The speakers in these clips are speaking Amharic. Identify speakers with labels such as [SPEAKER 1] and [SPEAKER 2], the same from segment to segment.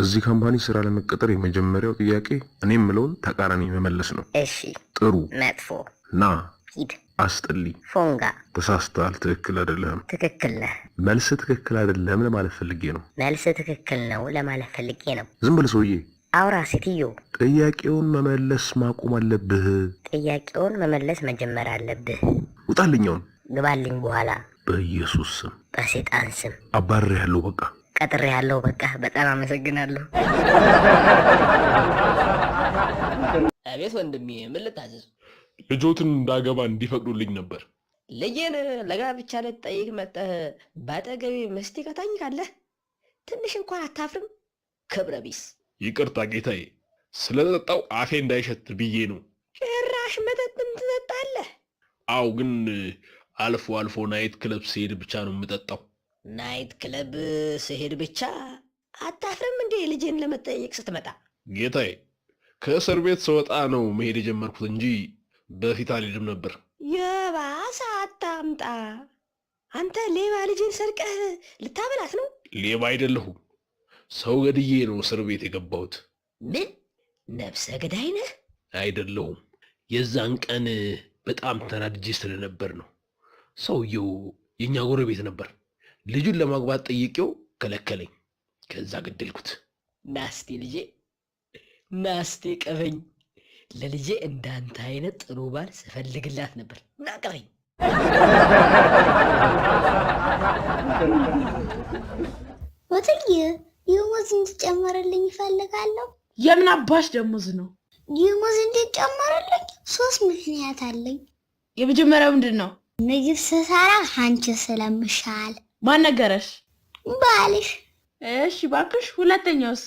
[SPEAKER 1] እዚህ ካምፓኒ ስራ ለመቀጠር የመጀመሪያው ጥያቄ እኔ የምለውን ተቃራኒ መመለስ ነው። እሺ፣ ጥሩ፣ መጥፎ፣ ና፣ ሂድ፣ አስጥሊ፣ ፎንጋ፣ ተሳስተሃል፣ ትክክል አይደለህም፣ ትክክል ነህ። መልስ ትክክል አይደለም ለማለት ፈልጌ ነው።
[SPEAKER 2] መልስ ትክክል ነው ለማለት ፈልጌ ነው። ዝም ብለህ ሰውዬ አውራ ሴትዮ፣
[SPEAKER 1] ጥያቄውን መመለስ ማቆም አለብህ።
[SPEAKER 2] ጥያቄውን መመለስ መጀመር አለብህ። ውጣልኛውን ግባልኝ በኋላ
[SPEAKER 1] በኢየሱስ ስም
[SPEAKER 2] በሴጣን ስም
[SPEAKER 1] አባሬ ያለው በቃ
[SPEAKER 2] ቀጥሬ ያለው በቃ በጣም አመሰግናለሁ። አቤት ወንድሜ፣ ምን
[SPEAKER 1] ልጆትን እንዳገባ እንዲፈቅዱልኝ ነበር።
[SPEAKER 2] ልጄን ለጋብቻ ልትጠይቅ መጠህ በአጠገቤ ከታኝ ከተኝካለህ ትንሽ እንኳን አታፍርም? ክብረ ቢስ!
[SPEAKER 1] ይቅርታ ጌታዬ፣ ስለጠጣው አፌ እንዳይሸት ብዬ ነው።
[SPEAKER 2] ጭራሽ መጠጥም ትጠጣለህ?
[SPEAKER 1] አው ግን አልፎ አልፎ ናይት ክለብ ስሄድ ብቻ ነው የምጠጣው።
[SPEAKER 2] ናይት ክለብ ስሄድ ብቻ አታፍርም እንዴ? ልጄን ለመጠየቅ ስትመጣ።
[SPEAKER 1] ጌታዬ፣ ከእስር ቤት ስወጣ ነው መሄድ የጀመርኩት እንጂ በፊት አልሄድም ነበር።
[SPEAKER 2] የባሰ አታምጣ። አንተ ሌባ ልጄን ሰርቀህ ልታበላት ነው።
[SPEAKER 1] ሌባ አይደለሁም፣ ሰው ገድዬ ነው እስር ቤት የገባሁት።
[SPEAKER 2] ምን ነፍሰ ገዳይ ነህ?
[SPEAKER 1] አይደለሁም። የዛን ቀን በጣም ተናድጄ ስለነበር ነው። ሰውየው የእኛ ጎረቤት ነበር። ልጁን ለማግባት ጠይቄው ከለከለኝ። ከዛ ገደልኩት።
[SPEAKER 2] ናስቴ ልጄ ናስቴ ቀበኝ። ለልጄ እንዳንተ አይነት ጥሩ ባል ስፈልግላት ነበር። ናቀበኝ።
[SPEAKER 3] ወትዬ ደሞዝ እንዲጨመርልኝ ይፈልጋለሁ።
[SPEAKER 4] የምን አባሽ ደሞዝ ነው?
[SPEAKER 3] ደሞዝ እንዲጨመርልኝ ሶስት ምክንያት አለኝ።
[SPEAKER 4] የመጀመሪያው ምንድን ነው?
[SPEAKER 3] ምግብ ስሰራ አንቺ ስለምሻል ማን ነገረሽ? ባልሽ።
[SPEAKER 4] እሺ ባክሽ። ሁለተኛውስ?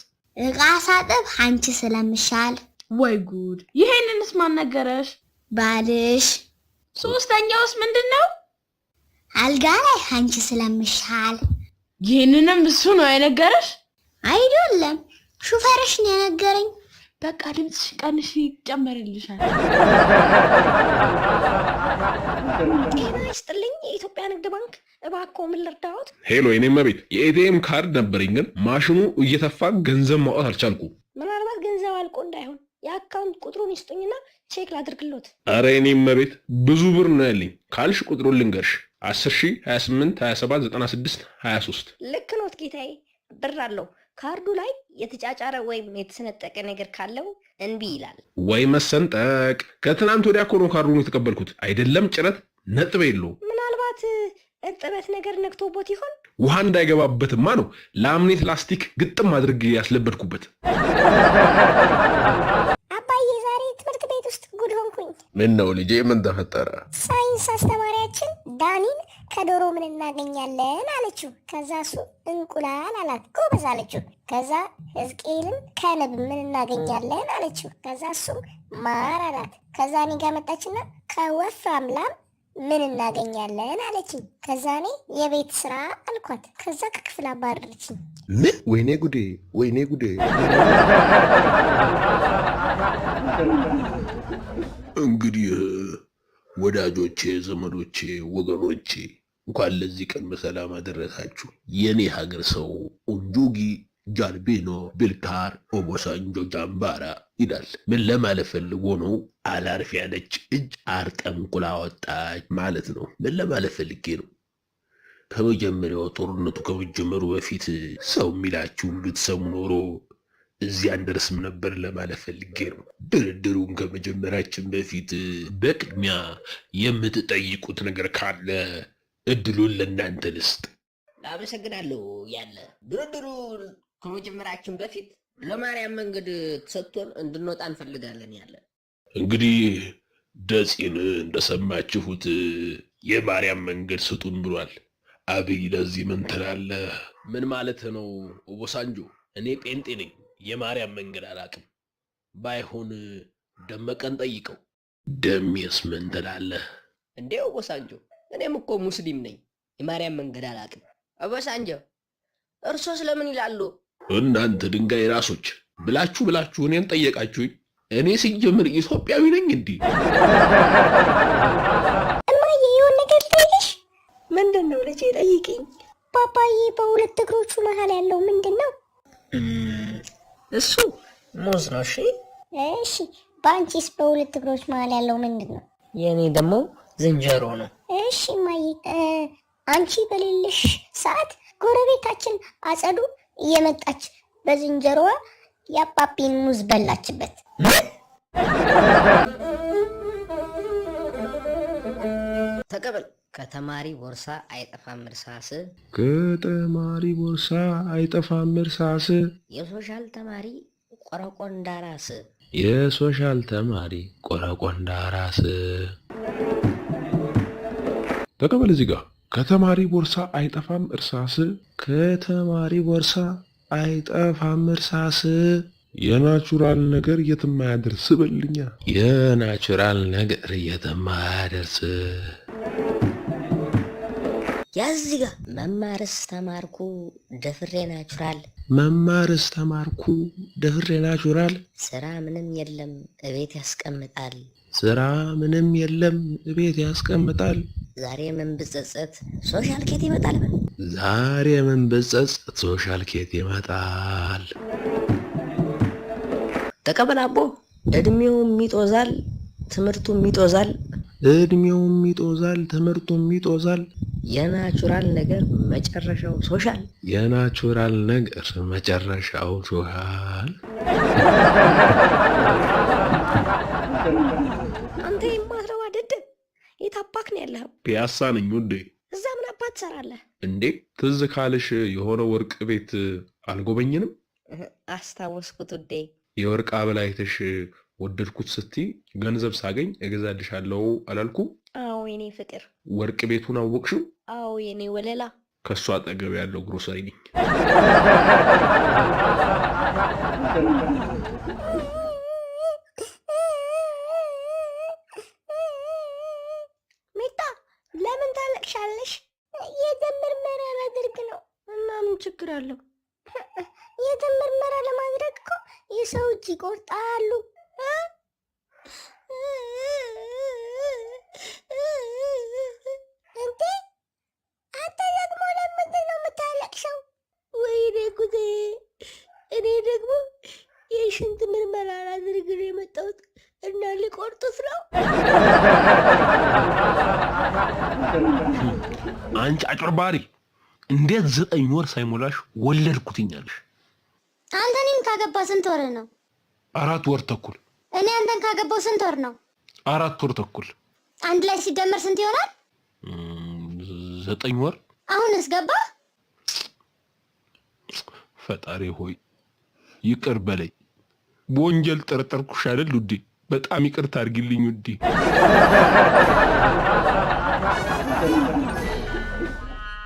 [SPEAKER 3] እቃ ሳጥብ አንቺ ስለምሻል።
[SPEAKER 4] ወይ ጉድ! ይሄንንስ ማን ነገረሽ?
[SPEAKER 3] ባልሽ።
[SPEAKER 4] ሶስተኛውስ ምንድን ነው?
[SPEAKER 3] አልጋ ላይ አንቺ ስለምሻል።
[SPEAKER 4] ይህንንም እሱ ነው የነገረሽ?
[SPEAKER 3] አይደለም ሹፌርሽ ነው የነገረኝ።
[SPEAKER 4] በቃ ድምፅሽ ቀንሽ ይጨመርልሻል።
[SPEAKER 2] ጤና ይስጥልኝ የኢትዮጵያ ንግድ ባንክ፣ እባክዎ ምን ልርዳዎት?
[SPEAKER 1] ሄሎ የኔ መቤት፣ የኤቲኤም ካርድ ነበረኝ ግን ማሽኑ እየተፋ ገንዘብ ማውጣት አልቻልኩ።
[SPEAKER 2] ምናልባት ገንዘብ አልቆ እንዳይሆን የአካውንት ቁጥሩን ይስጡኝና ቼክ ላድርግሎት።
[SPEAKER 1] አረ የኔ መቤት፣ ብዙ ብር ነው ያለኝ፣ ካልሽ ቁጥሩን ልንገርሽ 10 28 27 96 23።
[SPEAKER 2] ልክ ኖት ጌታዬ፣ ብር አለው ካርዱ ላይ የተጫጫረ ወይም የተሰነጠቀ ነገር ካለው እንቢ ይላል።
[SPEAKER 1] ወይ መሰንጠቅ! ከትናንት ወዲያ እኮ ነው ካርዱን የተቀበልኩት። አይደለም ጭረት ነጥብ የለው።
[SPEAKER 2] ምናልባት እርጥበት ነገር ነክቶቦት ይሆን?
[SPEAKER 1] ውሃ እንዳይገባበትማ ነው ለአምኔት ላስቲክ ግጥም አድርግ ያስለበድኩበት።
[SPEAKER 2] አባዬ ዛሬ ትምህርት ቤት ውስጥ ጉድ ሆንኩኝ።
[SPEAKER 1] ምን ነው ልጄ? ምን ተፈጠረ?
[SPEAKER 2] ሳይንስ አስተማሪያችን ከዶሮ ምን እናገኛለን አለችው። ከዛ እሱ እንቁላል አላት። ጎበዝ አለችው። ከዛ ሕዝቅኤልም ከንብ ምን እናገኛለን አለችው። ከዛ እሱም ማር አላት። ከዛ እኔ ጋር መጣችና ከወፍራም ላም ምን እናገኛለን አለችኝ። ከዛ እኔ የቤት ስራ አልኳት። ከዛ ከክፍል አባረረችኝ።
[SPEAKER 1] ምን? ወይኔ ጉዴ! ወይኔ ጉዴ! እንግዲህ ወዳጆቼ፣ ዘመዶቼ፣ ወገኖቼ እንኳን ለዚህ ቀን በሰላም አደረሳችሁ የኔ ሀገር ሰው። ኡንጁጊ ጃልቤኖ ቢልካር ኦቦሳንጆ ጃምባራ ይላል። ምን ለማለት ፈልጎ ነው? አላርፍ ያለች እጅ አርጠንቁላ ወጣች ማለት ነው። ምን ለማለት ፈልጌ ነው? ከመጀመሪያው ጦርነቱ ከመጀመሩ በፊት ሰው የሚላችሁን ብትሰሙ ኖሮ እዚያን ደርስም ነበር ለማለት ፈልጌ ነው። ድርድሩን ከመጀመራችን በፊት በቅድሚያ የምትጠይቁት ነገር ካለ እድሉን ለእናንተ ልስጥ።
[SPEAKER 2] አመሰግናለሁ። ያለ ድርድሩ ከመጀመራችን በፊት ለማርያም መንገድ ተሰጥቶን እንድንወጣ እንፈልጋለን። ያለ
[SPEAKER 1] እንግዲህ ደጺን እንደሰማችሁት የማርያም መንገድ ስጡን ብሏል። አብይ ለዚህ ምን ትላለህ? ምን ማለት ነው ኦቦሳንጆ? እኔ ጴንጤ ነኝ፣ የማርያም መንገድ አላቅም። ባይሆን ደመቀን ጠይቀው። ደሜስ ምን ትላለህ?
[SPEAKER 2] እንዴ ኦቦሳንጆ እኔም እኮ ሙስሊም ነኝ። የማርያም መንገድ አላውቅም። አበሳንጀ እርሶስ ለምን ይላሉ?
[SPEAKER 1] እናንተ ድንጋይ ራሶች ብላችሁ ብላችሁ እኔን ጠየቃችሁኝ። እኔ ሲጀምር ኢትዮጵያዊ ነኝ። እንዲህ
[SPEAKER 3] እማዬ የሆነ ነገር ልጠይቅሽ። ምንድን ነው ልጄ? ጠይቅኝ። ፓፓዬ በሁለት እግሮቹ መሀል ያለው ምንድን ነው
[SPEAKER 1] እሱ? ሙዝ ነው። እሺ
[SPEAKER 3] እሺ። በአንቺስ በሁለት እግሮች መሀል ያለው ምንድን ነው?
[SPEAKER 1] የእኔ ደግሞ ዝንጀሮ ነው።
[SPEAKER 3] እሺ ማይ አንቺ በሌለሽ ሰዓት ጎረቤታችን አጸዱ እየመጣች በዝንጀሮዋ የአባቢን ሙዝ በላችበት።
[SPEAKER 2] ተቀበል። ከተማሪ ቦርሳ አይጠፋም እርሳስ፣
[SPEAKER 1] ከተማሪ ቦርሳ አይጠፋም እርሳስ፣
[SPEAKER 2] የሶሻል ተማሪ ቆረቆንዳ ራስ፣
[SPEAKER 1] የሶሻል ተማሪ ቆረቆንዳ ራስ ተቀበል። እዚህ ጋር ከተማሪ ቦርሳ አይጠፋም እርሳስ፣ ከተማሪ ቦርሳ አይጠፋም እርሳስ፣ የናቹራል ነገር የትም አያደርስ በልኛ፣ የናቹራል ነገር የትም አያደርስ።
[SPEAKER 2] ያዚጋ መማርስ ተማርኩ ደፍሬ ናቹራል፣
[SPEAKER 1] መማርስ ተማርኩ ደፍሬ ናቹራል።
[SPEAKER 2] ስራ ምንም የለም እቤት ያስቀምጣል፣
[SPEAKER 1] ስራ ምንም የለም እቤት ያስቀምጣል።
[SPEAKER 2] ዛሬ ምን ብጸጸት ሶሻል ኬት ይመጣል።
[SPEAKER 1] ዛሬ ምን ብጸጸት ሶሻል ኬት ይመጣል።
[SPEAKER 2] ተቀበላቦ እድሜውም ይጦዛል፣ ትምህርቱም ይጦዛል።
[SPEAKER 1] እድሜውም ይጦዛል፣ ትምህርቱም ይጦዛል።
[SPEAKER 2] የናቹራል ነገር መጨረሻው ሶሻል።
[SPEAKER 1] የናቹራል ነገር መጨረሻው ሶሻል።
[SPEAKER 2] እየሳቅክ ነው ያለኸው?
[SPEAKER 1] ፒያሳ ነኝ ወንዴ።
[SPEAKER 2] እዛ ምን አባት ትሰራለህ
[SPEAKER 1] እንዴ? ትዝ ካልሽ የሆነ ወርቅ ቤት አልጎበኝንም?
[SPEAKER 2] አስታወስኩት ውዴ።
[SPEAKER 1] የወርቅ አበላ አይተሽ ወደድኩት ስትይ ገንዘብ ሳገኝ እገዛልሻለሁ አላልኩ?
[SPEAKER 2] አዎ የኔ ፍቅር።
[SPEAKER 1] ወርቅ ቤቱን አወቅሽው?
[SPEAKER 2] አዎ የኔ ወለላ።
[SPEAKER 1] ከእሱ አጠገብ ያለው ግሮሰሪ ነኝ።
[SPEAKER 3] ታውቂያለሽ? የደም ምርመራ ላደርግ ነው። እና ምን ችግር አለው? የደም ምርመራ ለማድረግ እኮ የሰው እጅ ይቆርጣሉ። እንዴ አንተ ደግሞ ለምንድን ነው የምታለቅሰው? ወይኔ ጉዴ! እኔ ደግሞ የሽንት ምርመራ ላድርግ ነው የመጣሁት እና ሊቆርጡት ነው።
[SPEAKER 1] አንቺ አጭበርባሪ እንዴት ዘጠኝ ወር ሳይሞላሽ ወለድኩትኛለሽ?
[SPEAKER 3] አንተ እኔን ካገባ ስንት ወር ነው?
[SPEAKER 1] አራት ወር ተኩል።
[SPEAKER 3] እኔ አንተን ካገባው ስንት ወር ነው?
[SPEAKER 1] አራት ወር ተኩል።
[SPEAKER 3] አንድ ላይ ሲደመር ስንት ይሆናል? ዘጠኝ ወር። አሁንስ ገባ?
[SPEAKER 1] ፈጣሪ ሆይ ይቅር በለኝ። በወንጀል ጠረጠርኩሽ አይደል ውዴ? በጣም ይቅርታ አድርጊልኝ ውዴ።